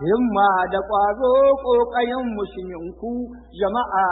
himma da ƙwazo ƙoƙayen musulminku jama'a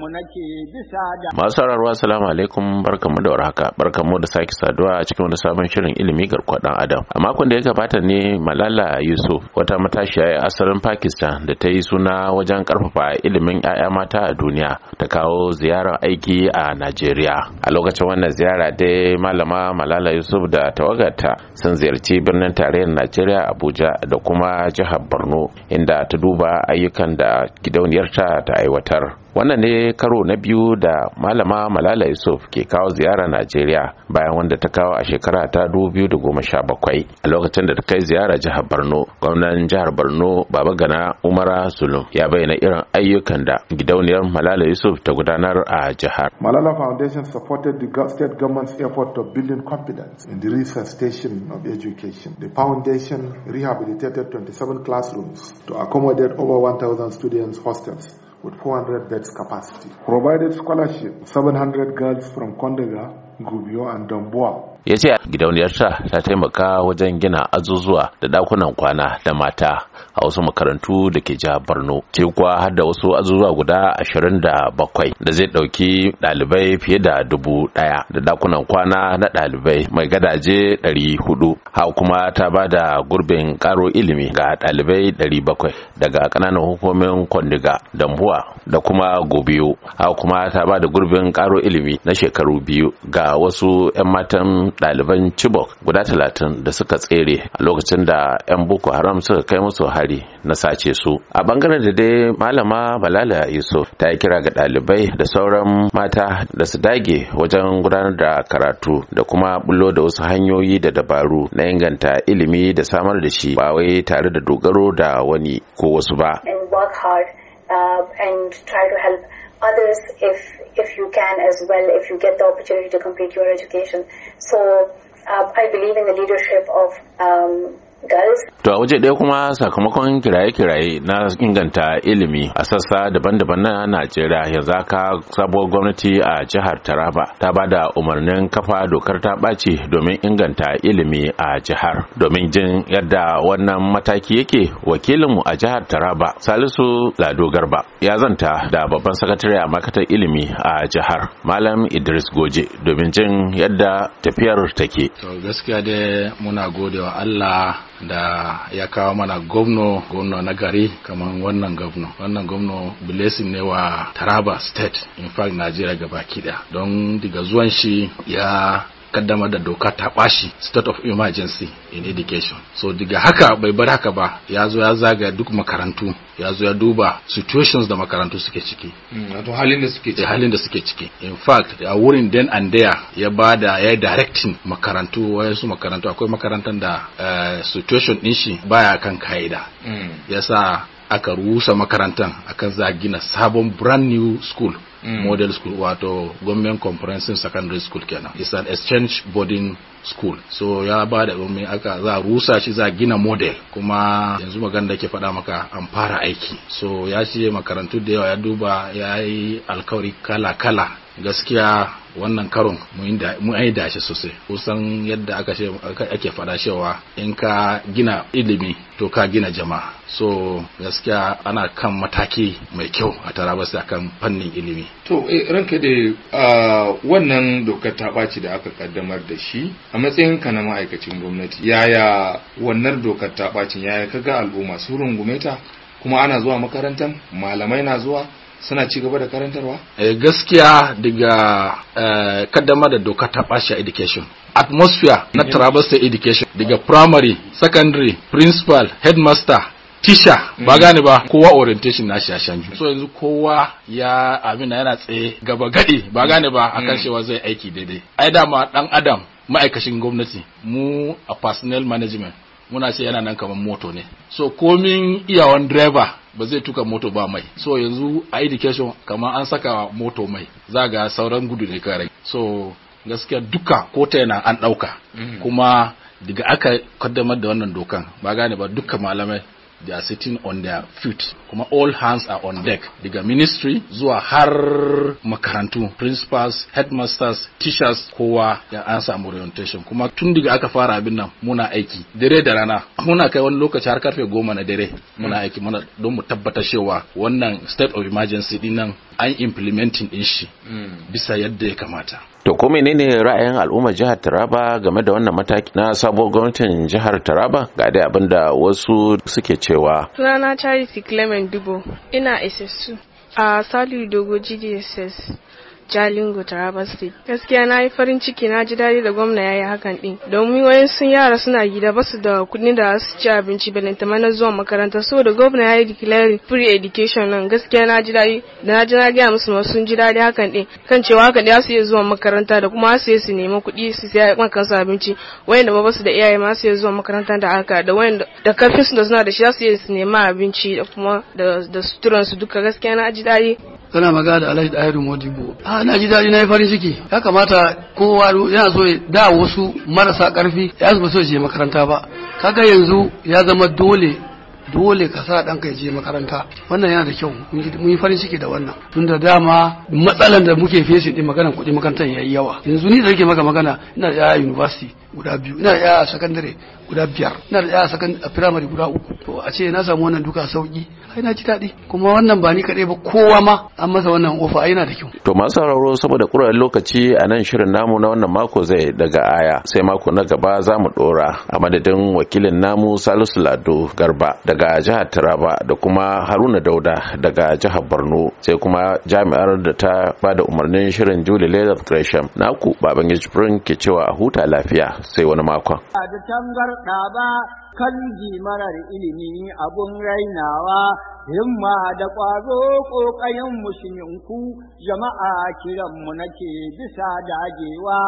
mu nake bisa da. Masu sauraro assalamu alaikum barkamu da warhaka barkamu da sake saduwa a cikin wani sabon shirin ilimi garkuwa ɗan adam. A makon da ya gabata ne Malala Yusuf wata matashiya a asalin Pakistan da ta yi suna wajen karfafa ilimin 'ya'ya mata a duniya ta kawo ziyarar aiki a Najeriya. A lokacin wannan ziyara dai malama Malala Yusuf da tawagarta sun ziyarci birnin tarayyar Najeriya Abuja da kuma jihar borno inda ta duba ayyukan da gidauniyarta ta aiwatar wannan ne karo na biyu da malama malala yusuf ke kawo ziyara najeriya bayan wanda ta kawo a shekara ta da goma sha bakwai, a lokacin da ta kai ziyara jihar borno gwamnan jihar borno baba gana umara sulum ya bayyana irin ayyukan da gidauniyar malala yusuf ta gudanar a jihar malala foundation supported the state government's effort to building confidence in the resuscitation of education the foundation rehabilitated 27 classrooms to accommodate over 1000 students hostels with 400 beds capacity. Provided scholarship, 700 girls from Kondega, Gubio and Domboa ya ce gidauniyarta ta taimaka wajen gina azuzuwa da dakunan kwana da mata a wasu makarantu da ke jihar borno ce kuwa har da wasu azuzuwa guda ashirin da bakwai da zai ɗauki ɗalibai fiye da dubu ɗaya da dakunan kwana na ɗalibai mai gadaje 400 hudu ha kuma ta ba da gurbin ƙaro ilimi ga ɗalibai 700 daga ƙananan hukumomin kwandiga dambuwa da kuma gobiyo ha kuma ta ba da gurbin ƙaro ilimi na shekaru biyu ga wasu 'yan matan ɗaliban Chibok guda talatin da suka tsere a lokacin da 'yan Boko Haram suka kai musu hari na sace su. A bangaren da dai malama Balala Yusuf ta yi kira ga ɗalibai da sauran mata da su dage wajen gudanar da karatu da kuma bullo da wasu hanyoyi da dabaru na inganta ilimi da samar da shi ba wai tare da dogaro da wani ko wasu ba. others if if you can as well, if you get the opportunity to complete your education. So uh, I believe in the leadership of um, To a waje ɗaya kuma sakamakon kiraye-kiraye na inganta ilimi a sassa daban-daban na Najeriya yanzu haka sabuwar gwamnati a jihar Taraba ta ba da umarnin kafa dokar ta ɓaci domin inganta ilimi a jihar. Domin jin yadda wannan mataki yake wakilinmu a jihar Taraba Salisu Lado Garba ya zanta da babban sakatare a makatar ilimi a jihar Malam Idris Goje domin jin yadda tafiyar take. To gaskiya dai muna gode wa Allah da ya kawo mana gwamno gwamno na gari kamar wannan gwamno wannan gwamno blessing ne wa taraba state in fact najeriya gaba kida don diga zuwan shi ya kaddamar da doka ta bashi state of emergency in education so daga haka bai bar haka ba ya zo ya zaga duk makarantu ya zo ya duba situations da makarantu suke ciki hmm, wato halin da suke eh, ciki halin da suke ciki in fact a wurin then and there ya ba da ya directing makarantu wayansu makarantu akwai makarantar da eh, situation din shi baya kan ka'ida hmm. yasa aka rusa makarantar akan zagina sabon brand new school Mm. model school wato government comprehensive secondary school kenan is an exchange boarding school so ya ba da domin aka za a rusa shi za gina model kuma yanzu magana da ke faɗa maka an fara aiki so ya siya makarantu da yawa ya duba ya yi alkawari kala-kala gaskiya wannan karon mun yi shi sosai kusan yadda aka ce ake fada cewa in ka gina ilimi to ka gina jama'a so gaskiya ana kan mataki mai kyau a taraba sai kan fannin ilimi to eh, ranka da ah, wannan dokar ta ɓaci da aka kaddamar da shi a matsayin ka na ma'aikacin gwamnati yaya wannan dokar ta ɓacin yaya kaga al'umma su rungume ta kuma ana zuwa makarantan malamai na zuwa suna ci gaba da karantarwa? Eh, gaskiya daga eh, kaddama da doka ta ɓashi education. Atmosphere na mhm. Traverse Education daga primary, secondary, principal, headmaster, tisha ba mhm. gane ba kowa orientation na shi a so yanzu kowa ya amina yana tsaye gaba gadi ba mhm. gane ba akan cewa zai aiki daidai ai dama dan adam ma'aikashin gwamnati mu a personnel management muna ce yana nan kamar moto ne so komin iyawan driver ba zai tuka moto ba mai so yanzu a education kamar an saka moto mai za ga sauran gudu ne kare so gaskiya duka ko ta yana an ɗauka mm. kuma daga aka kaddamar da wannan dokan ba gane ba duka malamai they are sitting on their feet kuma all hands are on deck daga ministry zuwa har makarantu principals headmasters teachers kowa ya an samu orientation kuma tun daga aka fara abin nan muna aiki dare da rana muna kai wani lokaci har karfe goma na dare muna hmm. aiki muna don mu tabbatar cewa wannan state of emergency din nan an implementing din shi mm. bisa yadda ya kamata to ko menene ra'ayin al'ummar jihar Taraba game da wannan mataki na sabuwar gwamnatin jihar Taraba ga dai abin da wasu suke cewa sunana Charity Clement Dubo ina SSU a Salu Dogo GDSS Jalingo Taraba State. Gaskiya na yi farin ciki na ji daɗi da gwamna ya yi hakan ɗin. Domin wayan sun yara suna gida ba su da kuɗi da su ci abinci balantama na zuwa makaranta saboda gwamna ya yi declaring free education nan gaskiya na ji daɗi da na ji na gaya musu ma sun ji daɗi hakan ɗin kan cewa haka ɗaya su iya zuwa makaranta da kuma su su nema kuɗi su siya ma kansu abinci da ba su da iyaye ma su iya zuwa makaranta da haka da wayan da kafin su da suna da shi za su iya su nema abinci da kuma da suturansu duka gaskiya na ji daɗi kana magana da alhaji ɗaya modibo a ah, na ji daɗi na yi farin ciki ya kamata kowa yana so da wasu marasa ƙarfi ya su so je makaranta ba kaga yanzu ya zama dole dole ka sa ɗanka ya je makaranta wannan yana da kyau mun yi farin ciki da wannan tun da dama matsalan da muke fesi din maganar kuɗi makarantar yi yawa yanzu ni da nake maka magana ina da yaya university guda biyu ina da yaya secondary guda biyar ina da yaya primary guda uku to a ce na samu wannan duka sauki Kai na ji daɗi kuma wannan ba ni kaɗai ba kowa ma an masa wannan ofa yana da kyau to masu sauraro saboda ƙurar lokaci a nan shirin namu na wannan mako zai daga aya sai mako na gaba za mu ɗora a madadin wakilin namu salisu lado garba daga jihar taraba da kuma haruna dauda daga jihar borno sai kuma jami'ar da ta ba da umarnin shirin julie leather gresham naku baban jibrin ke cewa huta lafiya sai wani makon kan ji marar ilimi abun rainawa himma da ƙwazo ƙoƙayen musulminku jama'a kiran mu nake bisa dagewa.